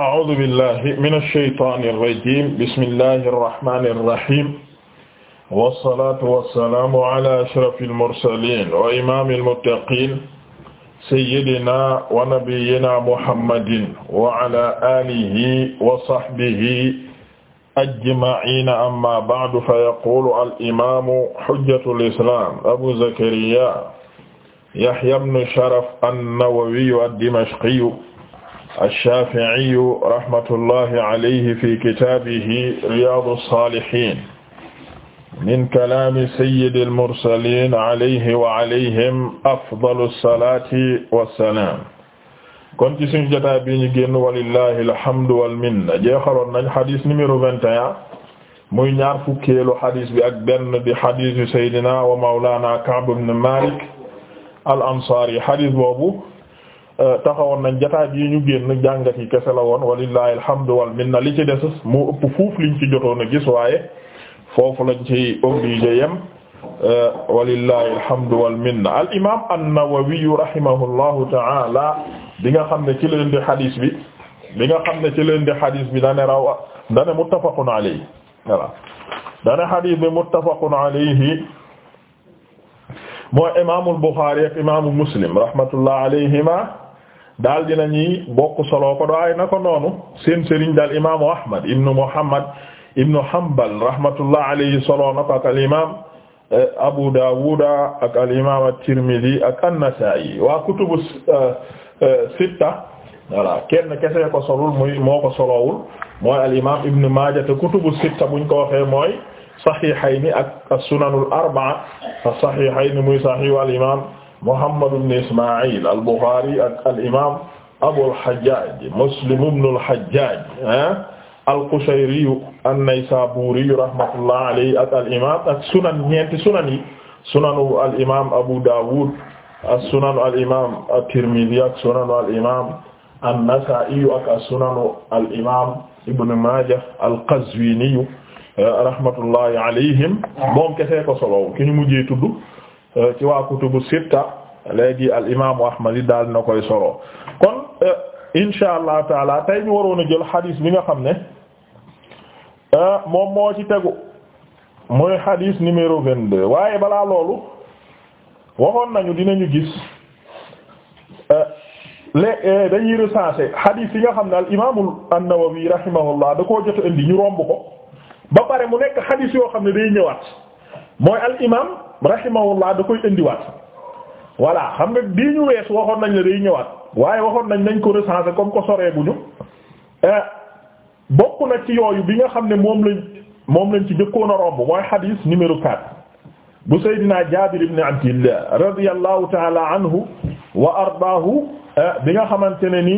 a'uuzu billahi mina shaytaani rajiim bismillahi rahmaani rahiim wassalaatu wassalaamu ala ashrafil mursaliin wa imaamil muttaqiin sayyidinaa wa nabiyyinaa muhammadin wa ala aalihi wa sahbihi ajma'iina amma ba'du fa yaquulu al-imaamu hujjatul islaam abu zakariyaa yahyaa ibnu sharaf an-nawawiyu ad-dimashqiyu ash-Shaafi'iyyu rahmatullahi alayhi fi kitaabihi Riyaadu s-Saalihiin min kalaami sayyidi l-mursaliin alayhi wa alayhim afdalu s-salaati wa s-salaam. kon ci suñu jotaay bi ñu génn walillahi alhamdu wal minna jeexaloon nañ xadis numéro vingt et un muy ñaar fukkeelu xadis bi ak benn di xadisu saydina wa mawlaana Ka'b ibn Maalik al-Ansaari xadis boobu. taxawoon nañ jotaay yi ñu génn jàngat yi kese la woon walillahi alhamdu wal li ci des moo ëpp fuuf liñ ci jotoon a gis waaye foofu lañ ci obligé yem euh, walillahi alhamdu wal al imaam an-Nawawi rahimahullahu ta'ala bi nga xam ne ci leen di xadis bi bi nga xam ne ci leen di xadis bi dane rawa dane muttafaqun alayhi voilà dane xadis bi muttafaqun alayhi mooy imaamul Buxaari ak imaamu Muslim rahmatullah alayhima daal dina ñuy bokk solo ko waaye na ko noonu seen sëriñ daal imaamu Ahmad ibnu Muhammad ibnu Hanbal rahmatullah alayhi solo na ko ak al imaam eh, Abu Daawuda ak al imaam at-Tirmidhi ak an waa kutubu eh, eh, sitta kenn kese ko solul muy moo ko solowul mooy al imaam ibnu Maaja te kutubu sitta buñ ko waxee mooy saxiixayni ak as-sunanul arba'a as-saxiixayni muy saxiixu al imaam Muhammad ibn Isma'il al-Bukhari ak al-imam Abul Hajjaj Muslim ibn al-Hajjaj ah, al-Qushayri an-Naysaburi rahmatullah alayhi ak al-imam ak sunan ñeenti sunan yi sunanu al-imam Abu Dawud ak sunanu al-imam at-Tirmidhi ak sunanu al-imam an-Nasa'i ak sunanu al-imam Ibn Majah al-Qazwini ah, rahmatullahi alayhim moom kese ko solo ki ñu mujjee tudd ah, ci waa kutubu sitta léegi al imaamu Ahmad yi daal na koy solo kon euh, insha allah taala tey ñu waroon a jël xadiis bi nga xam ne euh, moom moo ci tegu mooy xadiis numéro vingt-deux waaye balaa loolu waxoon nañu dina dinañu gis euh, le dañuy recenser xadiis yi nga xam ne al imaamu an-Nawawi rahimahullah da koo jot indi ñu romb ko ba pare mu nekk xadiis yoo xam ne day ñëwaat mooy al imaam rahimahullah da koy indiwaat. voilà xam nga bii wees waxoon nañ la day ñëwaat waaye waxoon nañ nañ ko recenser comme ko soree bu eh, na ci yooyu bi nga xam ne moom lañ moom lañ ci jëkkoon a romb mooy hadith numéro 4 bu Seydina Jaabir ibn Abdillah radiyallahu ta'ala anhu wa eh, bi nga xamante ne ni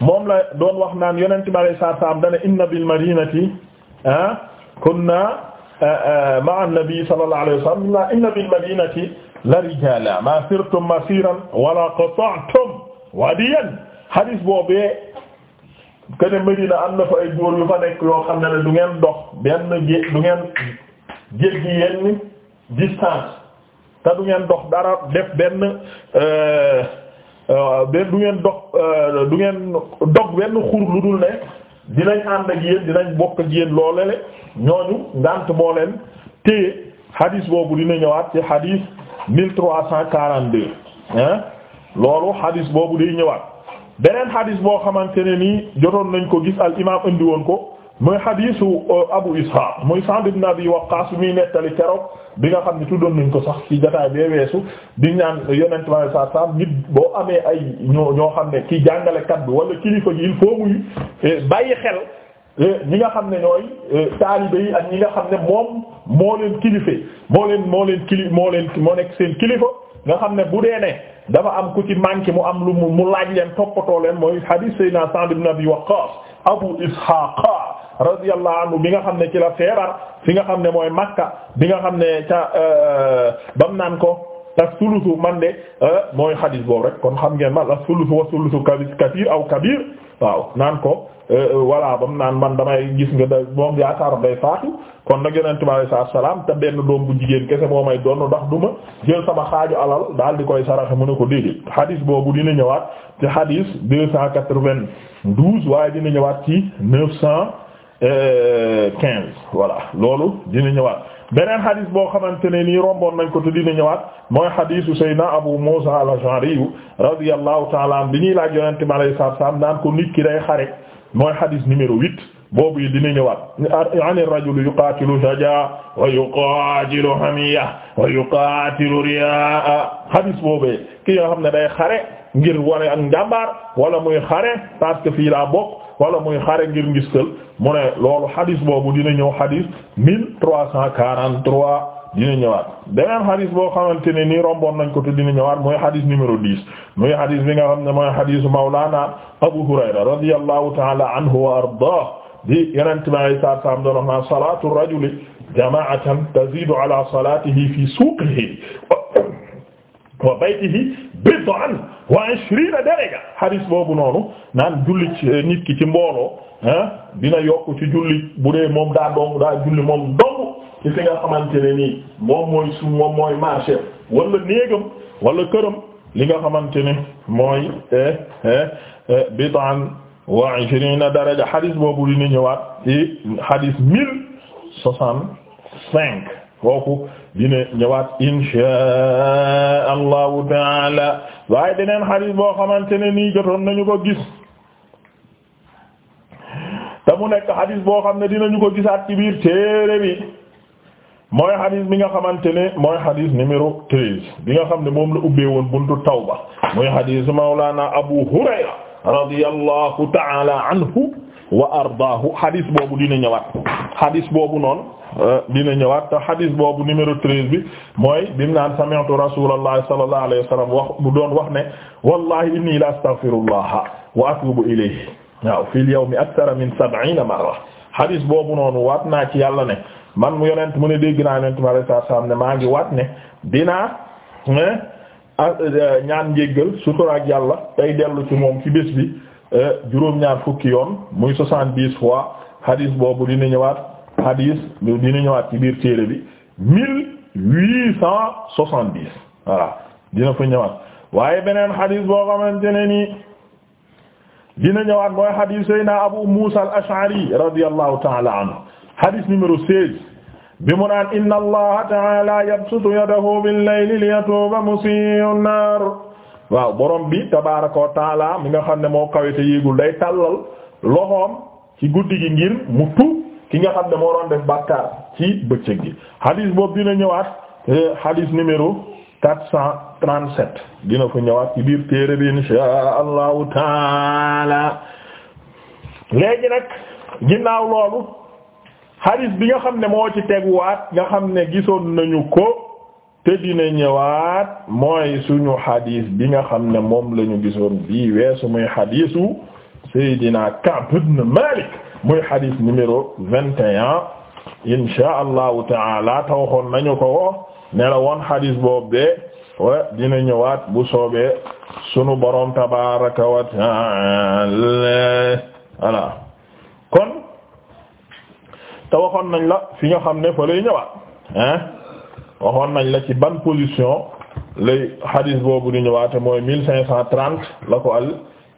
moom la doon wax naan yonente bi alayhi salaatu salaam dana inna bil madinati eh, kunna ma'a an-nabi sallallahu alayhi wa sallam inna bil madinati la rijaala ma sirtum masiran wala qata'tum wadiyan hadis boobee kene Medina am na fa ay góor yu fa nekk yoo xam ne ne du ngeen dox benn jé du ngeen jéggi yenn distance te du ngeen dox dara def benn euh, euh, du ngeen dox euh, ngeen dog benn xur lu dul ne dinañ ànd ak yéen dinañ bokk ak yéen loolele ñooñu ngànt boo leen téye boobu dina ñëwaat ci hadis. mille trois cent quarante deux hein loolu hadis boobu day ñëwaat beneen hadis boo xamante ne nii jotoon nañ ko gis al imaam indi woon ko mooy hadisu euh, Abu Ishaq mooy Sa'd ibn Abi Waqqas muy nettali keroog bi nga xam ne tuddoon nañ ko sax ci jotaay bee weesu di ñaan yonent bi sallallahu alayhi wa boo amee ay ñoo xam ne ci jàngalekat bi wala kilifa gi il euh, bàyyi xel. ñi nga xam ne ñooy euh, taalibe ak ñi nga xam ne moom moo leen kilife moo leen moo leen kili moo leen moo nekk seen kilifa nga xam ne bu dee ne dafa am ku ci manqué mu am lu mu mu laaj leen toppatoo leen mooy hadith sayna Sa'd ibn Abi Waqqas Abu Ishaq radiyallahu anhu bi nga xam ne ci la fi nga xam ne mooy Makka bi nga xam ne ca euh, bam naan ko ak sulusu man de euh, mooy hadith boobu rek kon xam ngeen ma ak sulusu wa sulusu kabir aw kabir waaw naan ko euh, euh, voilà ba mu naan man damay gis nga da moom yaakaaram day faatu kon na yonent bi alayhi salaatu salaam te benn doom bu jigéen kese moo may doon ndax duma jël sama xaaju alal daal di koy saraxe mu ne ko déedéet hadis boobu dina ñëwaat ci hadis deux cent quatre-vingt-douze waaye dina ñëwaat ci neuf cent euh, quinze voilà loolu dina ñëwaat. beneen xadis boo xamante ne nii romboon nañ ko te dina ñëwaat mooy xadisu Seydina Abu Muusa al-Ash'ari radiyallahu ta'ala anhu bi ñuy laaj yonente bi alayhi salaam naan ko nit ki day xare mooy xadis numéro huit boobu yi dina ñëwaat ani rajul yuqaatilu shajaa wa yuqaatilu hamiya wa yuqaatilu riyaa xadis boobee ki nga xam ne day xare ngir wane ak njàmbaar wala muy xare parce que fii laa bo wala muy xare ngir ngistal mu ne loolu xadis boobu dina ñëw xadis mille trois cent quarante trois dina ñëwaat beneen xadis boo xamante ne nii romboon nañ ko te dina ñëwaat mooy xadis numéro dix muy xadis bi nga xam ne mooy xadisu Mawlana Abu Hurayra radiyallahu ta'ala anhu wa ardaah di yeneen tamit saa saa am doon wax naan salaatu rajuli jamaatan tazidu ala salatihi fi suuqihi wa baytihi bid'an wa ishrina daraja boobu noonu naan julli eh, nit ki ci mbooloo dina yokk ci julli bu dee moom daa dong daa julli moom dong ci fi nga xamante ne nii moom mooy su moom mooy marché wala néegam wala këram li nga xamante ne mooy eh, eh, bitan wa ishrina daraja hadis boobu dina ñëwaat ci hadis mille soixante cinq kooku dina ñëwaat inshaa allahu taala waaye deneen xadis boo xamante ne nii jotoon nañu ko gis te mu nekk xadis boo xam ne dinañu ko gisaat ci biir téere bi mooy xadis bi nga xamante ne mooy xadis numéro treize bi nga xam ne moom la ubbee woon buntu tawba mooy xadisu mawlaana abu hurayra radiyallahu taala anhu wa ardaahu xadis boobu dina ñëwaat xadis boobu noonu Euh, dina ñëwaat te xadis boobu numéro treize bi mooy bim naan sami'tu rasulullah sallallahu wax bu doon wax ne wallahi inni la astaghfirullah wa atubu ilayhi waaw fil yawmi akthara min sab'ina marra xadis boobu noonu waat naa ci yàlla ne man mu yonent mu ne dégg naa yonent ma sallallahu alayhi ne maa ngi waat ne dinaa eh, ah, eh, ñaan njéggal suturaak yàlla tay dellu ci moom ci bés bi eh, juróom-ñaar fukki yoon muy soixante-dix fois xadis boobu dina ñëwaat hadis dina ñëwaat ci biir téere bi mille dina fa ñëwaat waaye beneen hadis boo xamante ne nii dina ñëwaat mooy hadis sayna Abu muusa al-Ash'ari radiyallahu ta'ala anhu hadis numéro seize bi mu naan inna allaha ta'ala yabsutu yadahu bil-layli liyatuuba musii'u an-naar waaw borom bi tabaaraka wa ta'ala mi nga xam ne moo kawite yéegul day tàllal loxoom ci guddi gi ngir mu tu ki nga xam ne moo doon bàkkaar ci bëccëg gi hadis boobu dina ñëwaat eh, hadis numéro 437 dina fa ñëwaat ci biir téere bi insha allahu taala léegi nag ginnaaw loolu hadis bi nga xam ne moo ci teguwaat nga xam ne gisoon nañu ko te dina ñëwaat mooy suñu hadis bi nga xam ne moom lañu ñu gisoon bii weesu muy hadisu Seydina Ka'b ibn Malik muy xadis numéro vingt et un insha allahu taala te waxoon nañu ko ne la woon xadis boobu de wa dina ñëwaat bu soobee sunu boroom tabaraka wa taala kon te waxoon nañ la fi nga xam ne fa lay ñëwaat hein waxoon nañ la ci ban position lay xadis boobu di ñëwaate mooy mille la ko al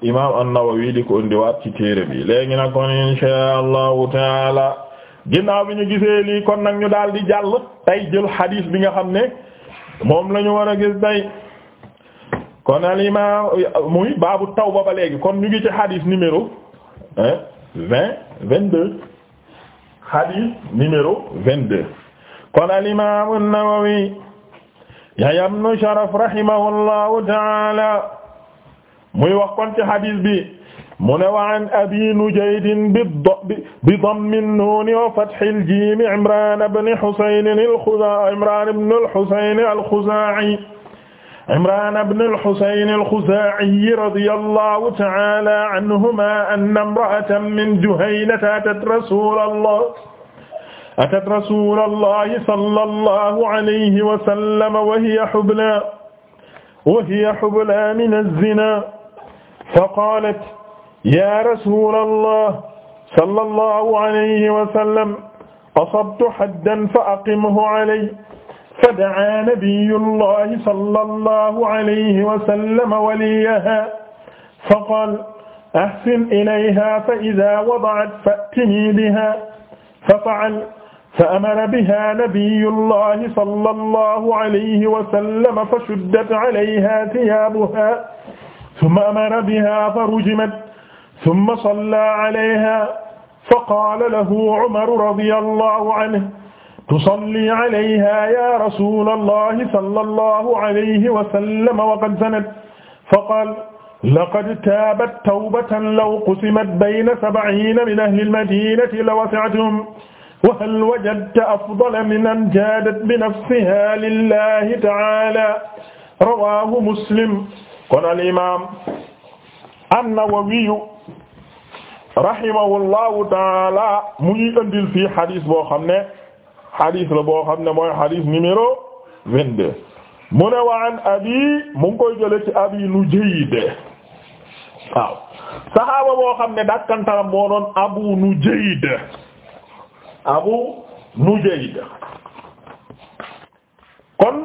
imaam an-Nawawi di ko indiwaat ci téere bi léegi na kon insha allahu taala ginnaaw bi ñu gisee lii kon nag ñu daal di jàll tey jël xadiis bi nga xam ne moom lañu ñu war a gis tey kon al imaam muy baabu tawba ba léegi kon ñu ngi ci xadiis numéro vingt deux xadiis numéro vingt-deux kon al imaam an-Nawawi yayam nu sharaf rahimahullahu taala muy wax kon ci hadis bi mu ne wa an abi nujayd bi dammin nuuni wa fathil jiim imran ibn husayn al-khuzaa'i imran ibn al-husayn al-khuzaa'i imran ibn al-husayn al-khuzaa'i radiyallahu ta'ala anhuma anna imra'atan min juhaynata atat rasulallah atat rasuulallahi sallallahu alayhi wa sallam wa hiya hublaa wa hiya hublaa mina zzinaa fa qaalat ya rasula allah sala allahu alayhi wasallam asabtu haddan fa aqimhu alay fa dacaa nabiyu llahi sala allahu alayhi wasallam waliyaha fa qaal ahsin ilayha fa ida wadacat fa'tinii biha fafa'al fa amara biha nabiyu llahi sala allahu alayhi wasallam fa shuddat alayha thiyaabuha summa amara biha fa rujimat summa salla alayha fa qaala lahu umaru radiyallahu anhu tusalli alayha ya rasulallahi sallallahu alayhi wa sallam wa qad zanat fa qaala laqad taabat tawbatan law qusimat bayna sab'iina min ahli al-madiinati lawasi'atuhum wa hal wajadta afdala mimman jaadat bi nafsiha lillahi ta'aala rawaahu muslim kon al imaam an-Nawawi rahimahullahu taala mu ngi andil fii hadith boo xam ne hadith la boo xam ne mooy hadith numéro 22 mu ne wa an abi mu koy jële ci abi Nujayd waaw saxaaba boo xam ne dakkantaram moo doon Abu Nujayd Abu Nujayd kon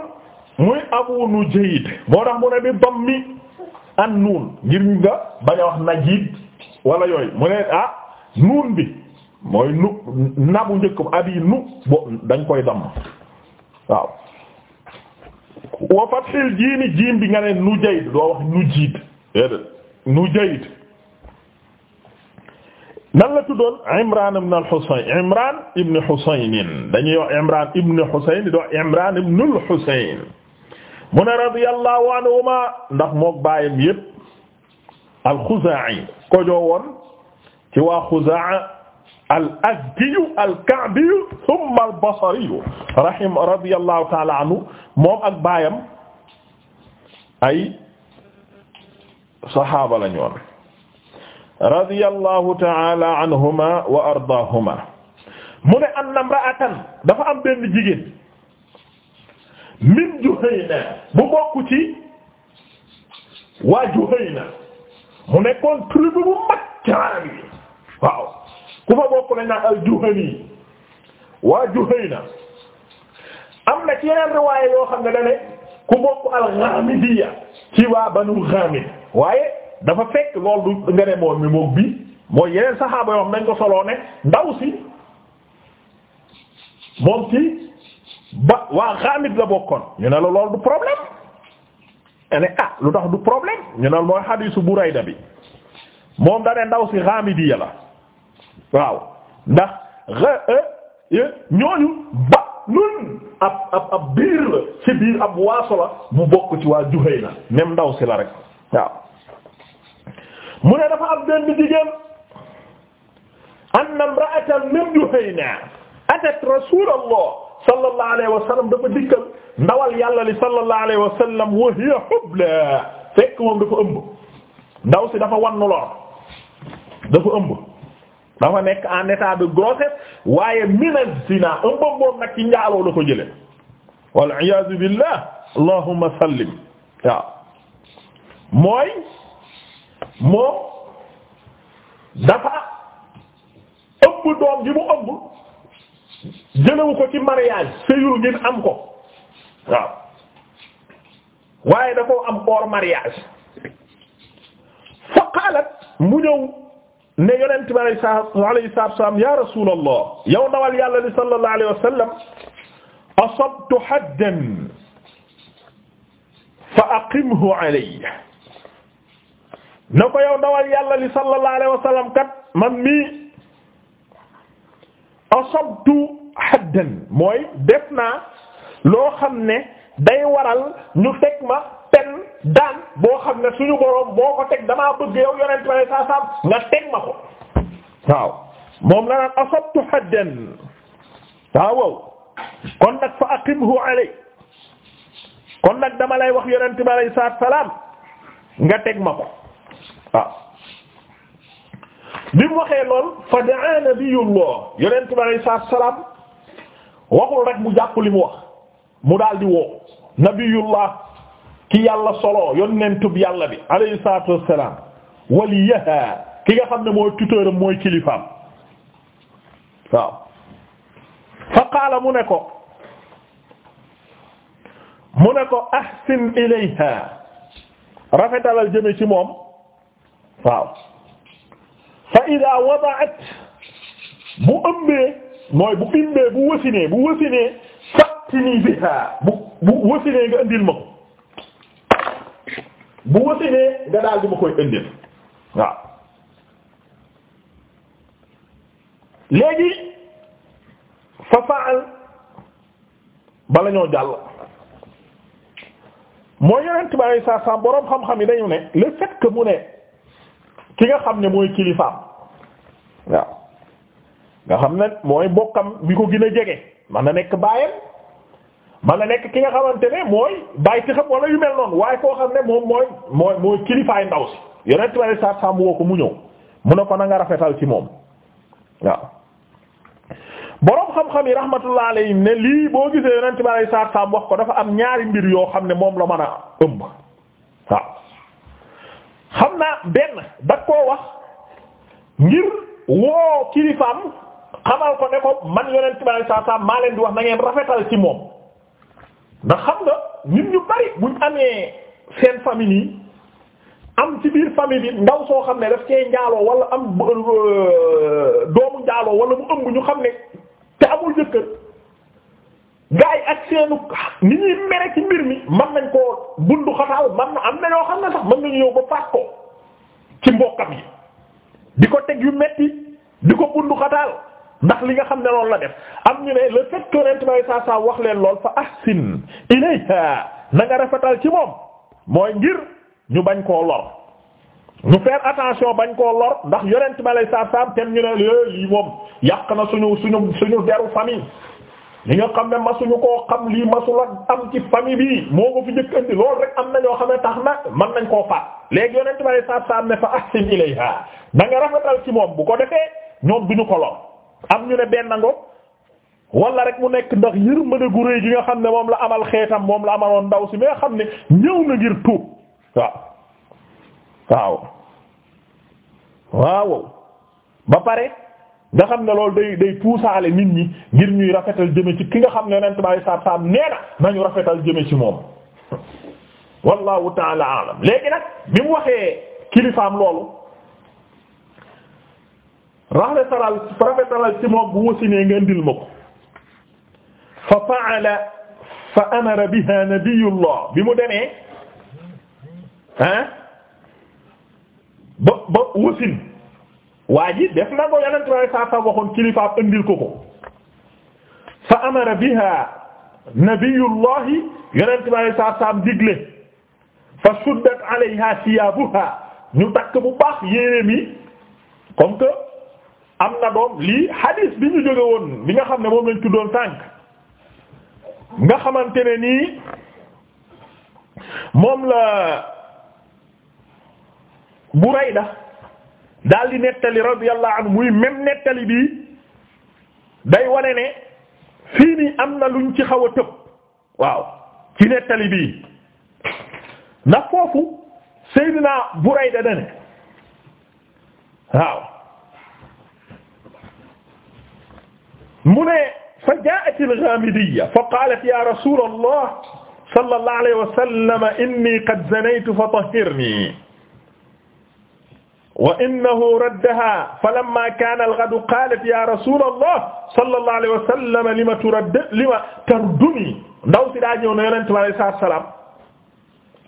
muy Abu Nujayd moo tax mu ne bi dammi an nuun ngir ñu nga bañ a wax najiid wala yooy mu ne ah nuun bi mooy nu nabu njëkk abi nu bo dañ koy damm waaw wa fathil jiimi jiim bi nga ne nu jayd doo wax nu jiid déedéet nu jayd nan la tuddoon Imran ibn al-Husayn Imran ibn Husayn dañuy wax Imran ibn Husayn di wax Imran ibn al mu ne radiyallahu anhuma ndax mook baayam yépp al-Xuzaa'i ko joowoon ci waa Xuzaa al-Azdi al-Ka'bi thumma al-Basri rahim radiyallahu ta'ala anhu moom ak baayam ay saxaaba lañu woon radiyallahu ta'ala anhuma wa ardaahuma mu ne anna imra'atan dafa am benn jigéen min Juhayna bu bokk ci waa Juhayna mu nekkoon tribu bu mag ci yi waaw ku fa bokk lañ naan al-Juhani waa Juhayna am na ci yeneen riwaaya yoo xam ne da ne ku bokk al-Ghamidiyya ci waa Banu Ghamid waaye dafa fekk loolu du nga ne moom mi moom bi moo yeneen saxaaba yoo xam nañ ko soloo ne ndaw si moom ci ba waa xaamit la bokkoon ñu ne la lool du problème ene ah lu tax du problème ñu ne la mooy xadiisu Burayda bi moom dane ndaw si xaamidi ya la waaw ndax e, e, ñooñu ba nun ab ab biir la ci biir ab waaso la mu bokk ci waa Juhayna même ndaw si la rek waaw mu ne dafa am benn jigéen anna imra'atan min Juhayna atat Rasulullah sallallahu alayhi wa sallam dafa dikkal ndawal yàlla li sallallahu alayhi wa sallam wa hiya hubla fekk moom dafa ëmb ndaw si dafa wannu lor dafa ëmb dafa nekk en état de grossesse waaye mina zina ëmbam boobu nag ci njaaloo la ko jële wal iyaazu billah allahumma sallim waaw mooy moom dafa ëmb doom ji mu ëmb jëlewu ko ci mariage sëyul ngeen am ko waaw waaye da koo am hors mariage fa mu ñëw ne yonent bi alayhi salaatu salaam ya rasuulallah yow ndawal yàlla li sallallahu alayhi wa sallam asabtu yàlla li sallallahu kat man mi asabtu haddan mooy def naa loo xam ne day waral ñu teg ma pen daan boo xam ne suñu boroom boo ko teg dama bëgg yow yonent ba ne saa saam nga teg ko waaw moom la naan asabtu haddan waaw kon nag fa aqimhu alay kon nag dama lay wax yonent bi alayhi salaam nga teg ko waaw bi mu waxee lool fa daa nabiyullah yonent bi alayhi salaam waxul rek mu jàpp li mu wax mu daal di woo nabiyullah ki yàlla solo yonentub yàlla bi alayhi salaatu wassalaam waliyaha ki nga xam ne mooy tuteur am mooy kilifaam waaw fa qaala mu ne ko mu ne ko ahsin ilayha rafetalal jëme ci moom waaw fa ida wadaat bu ëmbee mooy bu imbee bu wasinee bu wasinee fattini biha bu bu wasinee nga indil ma ko bu wasinee nga daal di ma koy indil waaw léegi fa faal bala ñoo jàll mooy yenent bi alei saat borom xam-xam yi dañu ne le fait que mu ne ki nga xam ne mooy kilifaam waaw nga xam ne mooy mbokkam bi ko gën a jege man na nekk baayam man na nekk ki nga xamante ne mooy baay ci xam wala yu mel noonu waaye koo xam ne moom mooy mooy mooy kilifaay ndaw si yonent bi sallallahu alayhi woo ko mu ñëw mu ne ko na nga rafetal ci moom waaw boroom xam-xam yi rahmatullah alayhim ne lii boo gisee yonent bi sallallahu alayhi wax ko dafa am ñaari mbir yoo xam ne moom la mën a ëmb waaw xam naa benn da koo wax ngir woo kilifaam xamal ko ne ko man yonent bi sallallahu alayhi wasallam maa leen di wax na ngeen rafetal ci moom ndax xam nga nit ñu bari buñ amee seen famille yi am ci biir famille bi ndaw soo xam ne daf cee njaaloo wala am euh, doomu njaaloo wala mu ëmb ñu xam ne te amul jëkkër gaa yi ak seenu ni ñuy mere ci mbir mi man nañ ko koo bundu xataal man na am na yoo xam ne sax mën nañu ñëw ba faat ko ci mbokkam yi di ko teg yu metti di ko bundu xataal ndax li nga xam ne loolu la def am ñu ne le fait que yonent bi saa saa wax leen lool fa ahsin ilayha na nga rafetal ci moom mooy ngir ñu bañ koo lor ñu faire attention bañ koo lor ndax yonent bi saa saa tem ñu ne lii moom na suñu suñu suñu deru famille. li xam ne masuñu koo xam lii masula am ci famille bi moo ko fi njëkk am na ñoo xam ne tax na mën nañ koo faat léegi yonent bi saa saa ne fa ahsin ilayha da nga rafetal ci moom bu ko defee ñoom duñu ko lor am ñu ne benn ngoog wala rek mu nekk ndax yërmande gu rëy gi nga xam ne moom la amal xeetam moom la amaloon ndaw si mais xam ne ñëw na ngir tuub pare nga xam ne loolu day day puusaale nit ñi ngir ñuy rafetal jëme ci ki nga xam ne yonent bi saa saam nee na nañu rafetal jëme ci moom wallahu taala alam léegi nag bi mu waxee kilifaam loolu rafetaral rafetaral ci moom bu wasinee nga ndil ma ko fa fa amara biha nabiyullah bi mu demee ah ba ba wasin waa ji def na ko yeneen trois cent sa waxoon kilifaam andil ko ko fa amara biha nabiyullah yeneen trois cent sa digle fa suddat alayha siyabuha ñu takk bu baax yéreem yi am na doom lii hadis bi ñu jóge bi nga xam ne moom lañ tuddoon tànk nga xamante ne nii moom la Burayda daal di nettali radiyallahu anhu muy même nettali bi day wane ne fii nii am na luñ ci xaw a tëb waaw ci nettali bii ndax foofu Seydina Burayda dane waaw mu ne fa jaa'at al-ghaamidiyya fa qaalat ya rasula allah sallallahu alayhi wa sallam inni qad zanaytu fa tahhirni wa innahu raddaha falamma kaana al-ghadu qaalat ya rasula allah sallallahu alayhi wa sallam lima turadd lima tarduni ndaw si daa ñëw na yonente bi alayhi salaatu wa salaam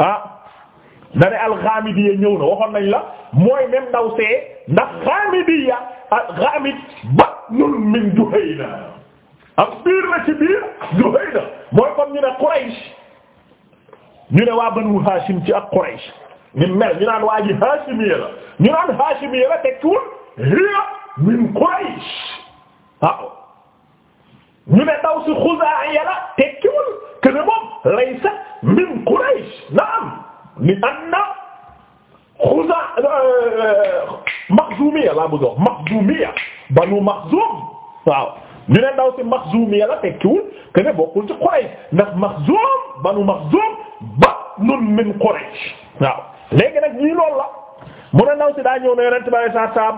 ah da ne al-ghaamidiyya ñëw na waxoon nañ la mooy même ndaw see ndax ghaamidiyya al-ghaamid ba nun min Juhayna am biir la ci biir Juhayna mooy kon ñu ne Quraysh ñu ne waa Banu Hashim ci ak Quraysh ni mel ñu naan waa la ñu naan Hashimiyya la tekkiwul min Quraysh waaw ñu ne daw si Xuzaa'iya la tekkiwul que min Quraysh naam ni anna Xuzaa euh, Maxzumiya laa bëgg wax banu Maxzum waaw ñu ne ndaw si Maxzum yàlla tekkiwul que ne bokkul ci Quraysh ndax Maxzum banu ba batnun min Quraysh waaw léegi nag lii loolu la mu ne ndaw si daa ñëw ne Yonent bi saa saam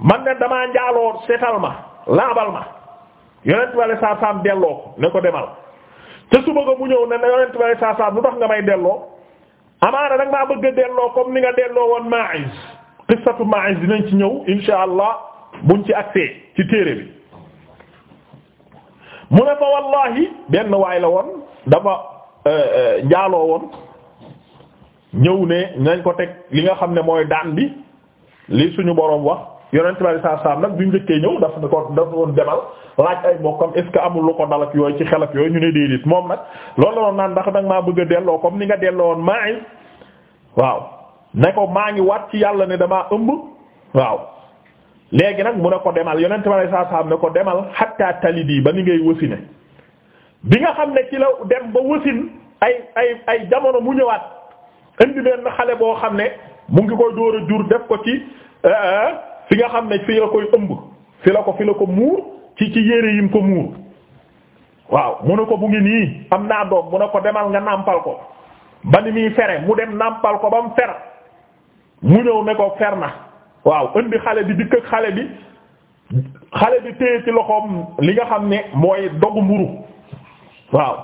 man ne damaa njaaloo seetal ma laabal ma Yonent bi saa saam delloo ko ne ko demal te su bëgg mu ñëw ne ne Yonent bi saa saam lu tax nga may delloo amaana nag maa bëgg delloo comme ni nga delloo woon Ma'iz qissatu Ma'iz dinañ ci ñëw insha allah buñ ci agsee ci téere bi mu ne fa wallahi benn waay la woon dafa euh, euh, njaaloo woon ñëw ne nañ ko teg li nga xam ne mooy daan bi li suñu boroom wax yonent bi saa saam nag bi ñu njëkkee ñëw dafa ne ko dafa doon demal laaj ay mbokkam est ce que amul lu ko dalak yooyu ci xelak yooyu ñu ne déedéet moom nag lool la doon naan ndax danga maa bëgg a delloo comme ni nga delloo woon Ma'iz waaw ne ko maa ngi waat ci yàlla ne damaa ëmb waaw léegi nag mu ne ko demal yonent bi sallallahu alayhi wasallam ne ko demal hatta bii ba ni ngay wasine bi nga xam ne ci la dem ba wasin ay ay ay jamono mu ñëwaat indi benn xale boo xam ne mu ngi koy dóor a jur def ko ci euh, euh, fi nga xam ne fi la koy ëmb fi la ko fi la ko muur ci ci yére yim ko muur waaw mu ne ko mu ngi nii am naa doom mu ne ko demal nga nàmpal ko ba ni muy fere mu dem nàmpal ko ba mu fer mu ñëw ne ko fer na waaw indi xale bi dikk xale bi xale bi téye ci loxoom li nga xam ni mooy dogu mburu waaw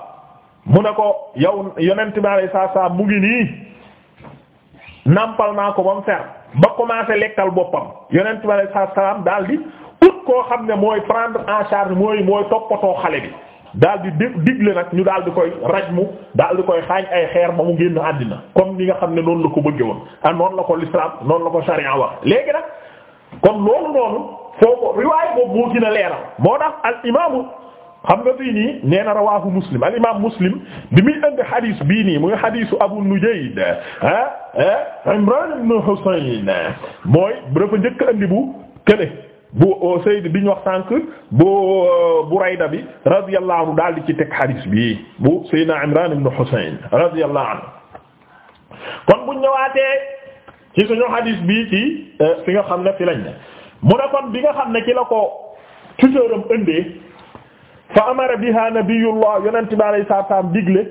mu ne ko yow yonent bi alayhi mu ngi nii nampal naa ko ba mu fer ba commencé lekkal boppam yonent bi alayhi salaam di ut koo xam ne mooy prendre en charge mooy mooy toppatoo xale bi daal di dé digle nag ñu daal di koy raj mu daal di koy xaañ ay xeer ba mu génn àddina comme ni nga xam ne noonu la ko bëgge woon ah noonu la ko l'islam noonu la ko sharia wax léegi nag kon loolu noonu foo ko riwaay moo gën a moo tax al imaamu xam nga fii nii nee na rawahu muslim al imam muslim bi muy ënd xadis bii nii muy xadisu abu nujayd ah ah mooy bu dafa njëkk andi bu kële bu Seydou bi ñu wax sànq bu euh, Burayda bi radiyallahu anhu daal di ci teg hadis bi bu Seydina Imran ibn Husayn radiyallahu anhu kon bu ñëwaatee ci suñu hadis bi ci euh, fi nga xam ne fi lañ ne mu ne kon bi nga xam ne ci la ko tuteeram ëndee fa amara biha nabiyullah yonent bi alayhi salaam digle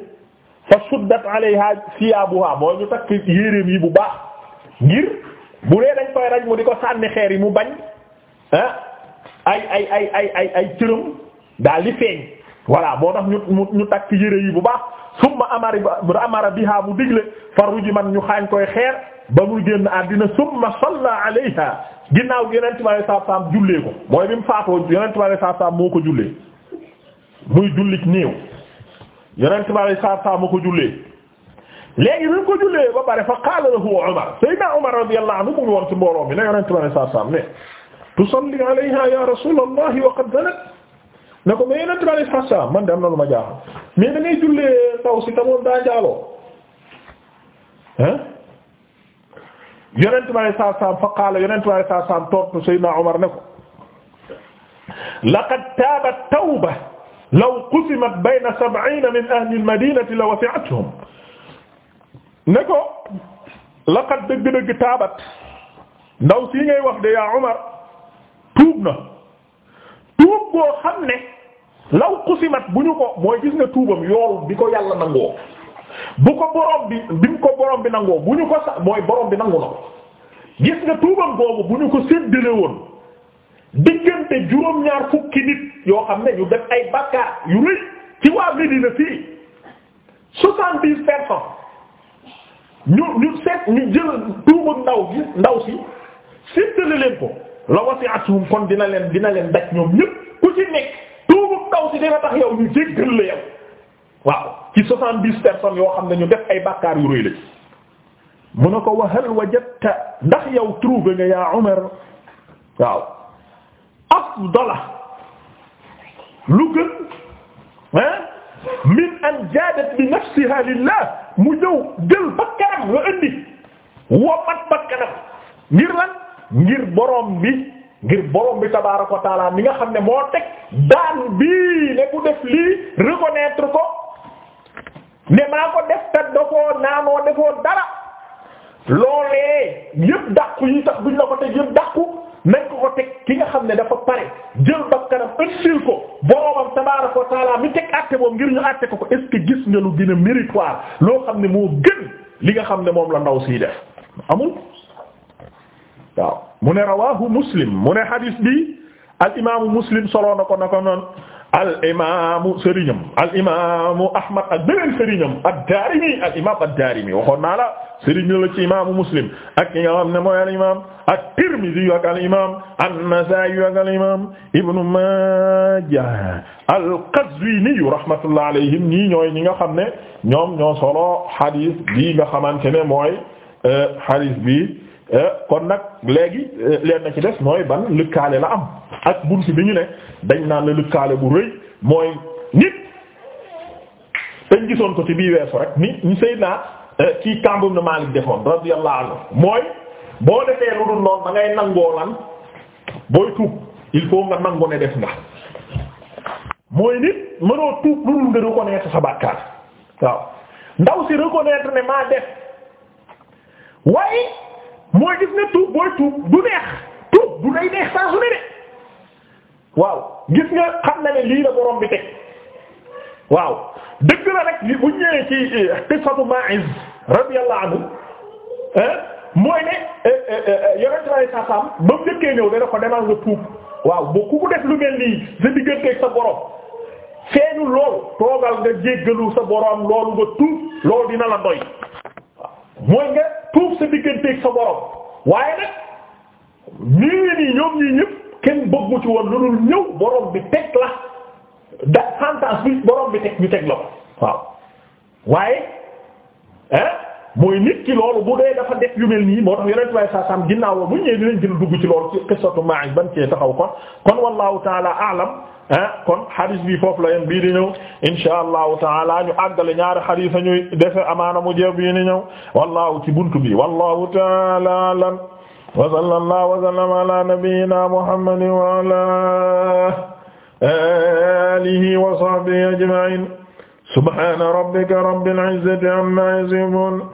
fa suddat alayha siyabuha mooy ñu takk yéreem yi bu baax ngir bu dee dañ koy raj mu di ko sànni xeer yi mu bañ. ay ay ay ay ay ay daal di feeñ voilà moo tax ñu ñu takk yére yi bu baax summa bi amara biha mu digle faruji man ñu xaañ koy xeer ba muy génn àddina summa salla alayha ginnaaw yonent bi alayhi salaatu salaam jullee ko mooy bi mu faatoo yonent bi alayhi moo ko jullee muy jullit néew yonent bi alayhi salaatu salaam moo ko jullee léegi bi mu ko jullee ba pare fa qaala lahu Umar sayyidina Umar radiyallahu anhu mu ngi woon ci mbooloo mi ne yonent bi alayhi salaatu salaam ne tusalli alayha ya rasulallahi wa qad zanat na ko mais yonent bi alayhi salaam man de am na lu ma jaaxal mais da ngay jullee ndaw si tamoon daa jaaloo ah yonent bi alayhi salaam fa qaala yonent bi alayhi salaam tontu Seydina Omar ne ko laqad taabat tawba law qusimat bayna sab'iina min ahli al-madiinati la wasi'athum ne ko laqad dëgg-dëgg taabat ndaw si ngay wax de yaa Omar tuub na tuub boo xam ne law xusimat bu ñu ko mooy gis nga tuubam yool bi ko yàlla nangoo bu ko borom bi bi ko borom bi nangoo bu ñu ko sa mooy borom bi nangu na ko gis nga tuubam boobu bu ñu ko séddale woon diggante juróom-ñaar fukki nit yoo xam ne ñu def ay bakkaar yu rëy ci waa Medina fii soixante-dix personnes ñu ñu seet ñu jël tuubam ndaw gi ndaw si séddale leen ko la wasi'atuhum kon dina leen dina leen daj ñoom ñëpp ku ci nekk tuubu ndaw si dina tax yow ñu jéggal la yow waaw ci soixante-dix personnes yoo xam ne ñu def ay bàkkaar yu rëy la ci mu ne ko wa hal wajadta ndax yow trouvé nga yaa Umar waaw afdala lu min an jaadat bi nafsiha lillah mu ñëw jël bakkanam nga indi womat bakkanam ngir lan ngir boroom bi ngir borom bi tabaaraka wa taala mi nga xam ne moo teg daan bii ne ku def lii reconnaître ko ne maa ko def te dofoo naanoo defoo dara loolee yëpp dàqu yi tax duñ la ko teg yëpp dàqu nañ ko ko teg ki nga xam ne dafa pare jël bakkanam ëndil ko boroomam tabaaraka wa mi teg àtte boobu ngir ñu àtte ko ko est-ce que gis nga lu gën a loo xam ne moo gën li nga xam ne moom la ndaw siy def amul. waaw mu ne rawahu muslim mu ne hadis bi al imaamu muslim soloo na ko na ko noonu al imaamu sëriñam al imaamu ak beneen sëriñam ad-Daarimi al imaam ad-Daarimi waxoon naa la sëriñu la ci imaamu muslim ak ki nga xam ne mooy al imaam at-Tirmidhi ak al imaam an-Nasaa'i ak al imaam Ibnu Maajah al-Qazwiini rahmatullah alayhim ñii ñooy ñi nga xam ne ñoom ñoo solo hadith bii nga xamante ne mooy hadith euh, bi. Eh, kon nag léegi eh, leen na ci des mooy ban lëkkaale la am ak buntu bi ñu ne dañ naan la lëkkaale bu rëy mooy nit dañ gisoon ko ci bii weesu rek ni ñu Seydina ci eh, kambum na Maalik defoon radiyallahu anhu mooy boo defee lu dul noonu da ngay nangoo lan booy tuub il faut nga nangu ne def nga mooy nit mënoo tuub lu dul nga reconnaître sa bàkkaar waaw ndaw si reconnaître ne maa def waaye mooy gis ne tuub booy tuub du neex tuub du neex saa su ne de waaw gis nga xam na ne lii la borom bi teg waaw dëgg la rek bu ñëwee ci eh, qissatu Ma'iz radiyallahu anhu eh, mooy ne eh, yonent bi saa saam ba mu njëkkee ñëw dana ko demal nga tuub waaw boo ku def lu mel nii sa digganteeg sa borom feeñu loolu toogal nga jéggalu sa borom loolu nga tuub loolu dina la doy. mooy nga tuub sa digganteeg sa borom waaye nag nii nga nii ñoom ñii ñëpp ken bëggu ci woon lu dul ñëw borom bi teg la da sentence bi borom bi teg ñu teg la ko waaw waaye mooy nit ki loolu bu dee dafa def yu nii moo tax yonent waaye saa saam ginnaaw la bu ñëwee dinañ gën a dugg ci loolu ci qissatu Ma'iz ban cee taxaw kon kon wallahu taala aalam ah kon xadis bi foofu la yem bii di ñëw insha allahu taala ñu àggale ñaari xadis ñuy defe amaana mu jeex bii di ñëw wallahu ci buntu bi wallahu taala aalam wa sallallahu wa sallama ala nabiyyina muhammadin wa ala alihi wa sahbihi ajma'in subhana rabbika rabbil izzati amma yasifun